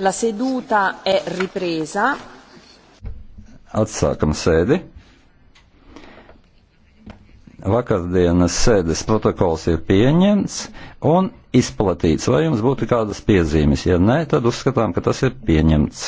La seduta è ripresa. Atsākam sēdi. Vakardienas sēdes protokols ir pieņemts un izplatīts. Vai jums būtu kādas piezīmes? Ja nē, tad uzskatām, ka tas ir pieņemts.